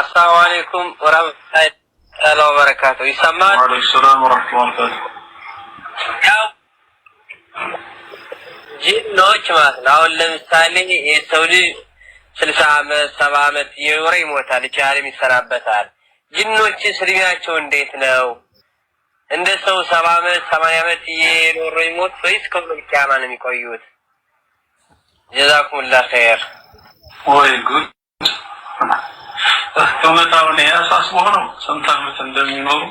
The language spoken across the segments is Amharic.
አሰላሙ አለይኩም ወራህመቱላሂ ወበረካቱ። ይሰማል? ወአለይኩም ሰላም ወራህመቱላሂ ጂኖች ማለት ነው። አሁን ለምሳሌ የሰው ልጅ ስልሳ አመት ሰባ አመት የኖረ ይሞታል፣ ይቺ ይሰናበታል። ጂኖችስ እድሜያቸው እንዴት ነው? እንደ ሰው ሰባ አመት ሰማንያ አመት የኖረ ይሞት ወይስ ከሁሉ ቂያማ ነው የሚቆዩት? ጀዛኩሙላህ ኸይር ወይ ጉድ በመጣውን ያሳስቦ ነው ስንት ዓመት እንደሚኖሩ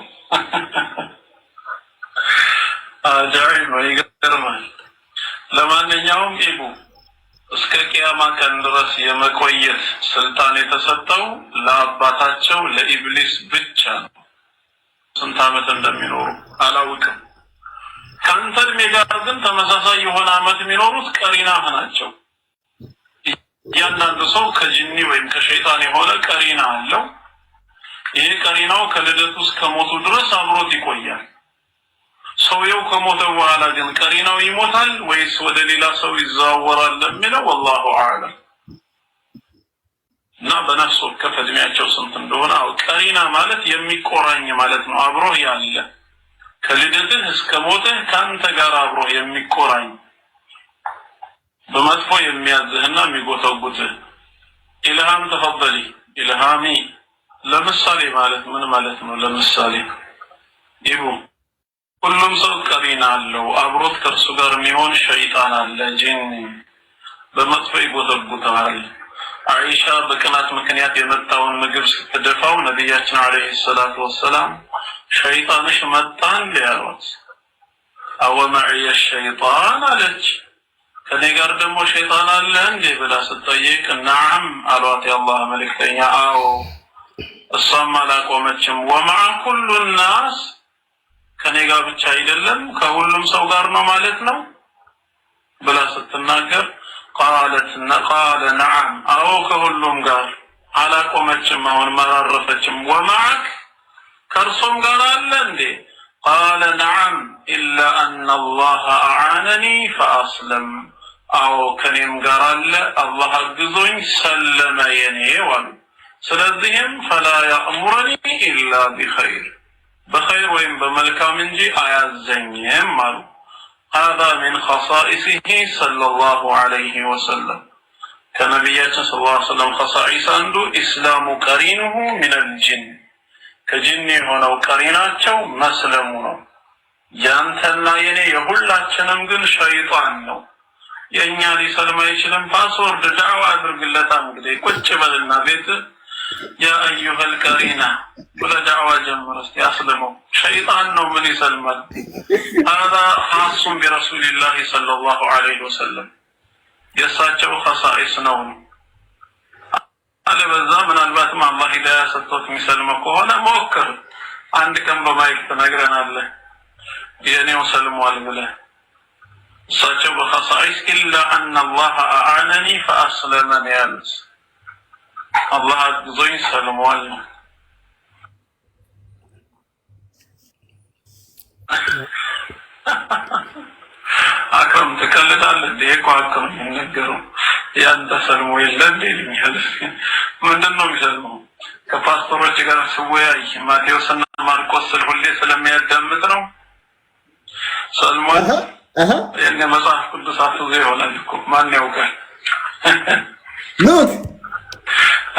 አጃኢብ ነው፣ ይገርማል። ለማንኛውም ኢቡ እስከ ቅያማ ቀን ድረስ የመቆየት ስልጣን የተሰጠው ለአባታቸው ለኢብሊስ ብቻ ነው። ስንት ዓመት እንደሚኖሩ አላውቅም። ከአንተ እድሜ ጋር ግን ተመሳሳይ የሆነ አመት የሚኖሩት ቀሪናህ ናቸው። እያንዳንዱ ሰው ከጂኒ ወይም ከሸይጣን የሆነ ቀሪና አለው። ይሄ ቀሪናው ከልደቱ እስከ ሞቱ ድረስ አብሮት ይቆያል። ሰውየው ከሞተ በኋላ ግን ቀሪናው ይሞታል ወይስ ወደ ሌላ ሰው ይዘዋወራል ለሚለው ወላሁ አዕለም እና በነፍስ ወከፍ እድሜያቸው ስንት እንደሆነ ቀሪና ማለት የሚቆራኝ ማለት ነው። አብሮህ ያለ ከልደትህ እስከ ሞትህ ከአንተ ጋር አብሮህ የሚቆራኝ በመጥፎ የሚያዝህና የሚጎተጉትህ። ኢልሃም ተፈበሊ ኢልሃሚ ለምሳሌ ማለት ምን ማለት ነው? ለምሳሌ ይሁ ሁሉም ሰው ቀሪና አለው። አብሮት ከእርሱ ጋር የሚሆን ሸይጣን አለ፣ ጂን በመጥፎ ይጎተጉተሃል። አኢሻ በቅናት ምክንያት የመጣውን ምግብ ስትደፋው ነቢያችን ዓለይሂ ሰላቱ ወሰላም ሸይጣንሽ መጣን ያሏት፣ አወመዕየ ሸይጣን አለች። ከኔ ጋር ደግሞ ሸይጣን አለ እንዴ ብላ ስትጠይቅ ናዓም አሏት የአላህ መልእክተኛ። አዎ እሷም አላቆመችም። ወመዓ ኩሉ ናስ ከኔ ጋር ብቻ አይደለም ከሁሉም ሰው ጋር ነው ማለት ነው ብላ ስትናገር ቃለት ቃለ ናዓም አዎ ከሁሉም ጋር አላቆመችም። አሁን መራረፈችም ወመዓክ ከእርሶም ጋር አለ እንዴ ቃለ ናዓም ኢላ አና አላህ አዓነኒ ፈአስለም አዎ ከኔም ጋር አለ አላህ አግዞኝ ሰለመ የኔ ዋሉ። ስለዚህም ፈላ ያእሙረኒ ኢላ ቢኸይር በኸይር ወይም በመልካም እንጂ አያዘኝም አሉ። ሀዛ ሚን ኸሳኢሲሂ ሰለላሁ ዐለይሂ ወሰለም ከነቢያችን ስለ ላ ስለም ኸሳኢስ አንዱ ኢስላሙ ቀሪንሁ ሚነል ጅን ከጅኒ የሆነው ቀሪናቸው መስለሙ ነው። ያንተና የኔ የሁላችንም ግን ሸይጣን ነው። የእኛ ሊሰልም አይችልም። ፓስወርድ ዳዕዋ አድርግለታ እንግዲህ ቁጭ በልና ቤት የአዩሀል ቀሪና ብለ ዳዕዋ ጀምር እስቲ አስልመው። ሸይጣን ነው ምን ይሰልማል? ሀዛ ኻሱም ቢረሱሊላህ ሰለላሁ ዐለይሂ ወሰለም የእሳቸው ከሳኢስ ነው። አለበዛ ምናልባትም አላህ ሂዳያ ሰጥቶት የሚሰልመው ከሆነ ሞክር። አንድ ቀን በማይክ ትነግረናለህ የእኔው ሰልሟል ብለህ صجب خصائص إلا أن الله أعانني فأسلمني ألس الله أجزي سلموني አቅም ትቀልዳለህ እንዴ? እኮ አቅም የሚነገረው ያንተ ሰልሞ የለም ይልኛል። ምንድን ነው የሚሰልመው? ከፓስቶሮች ጋር ስወያይ ማቴዎስና ማርቆስ ሁሌ ስለሚያዳምጥ ነው ሰልሞ መጽሐፍ ቅዱስ አትዞ ይሆናል እኮ ማን ያውቃል? ኖት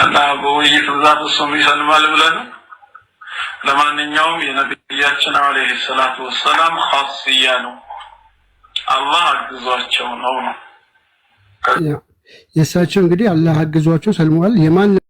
እና በውይይት ብዛት እሱም ይሰልማል ብለን? ነው። ለማንኛውም የነቢያችን አለይሂ ሰላቱ ወሰላም ኻስያ ነው፣ አላህ አግዟቸው ነው ነው የእሳቸው እንግዲህ አላህ አግዟቸው ሰልመዋል የማን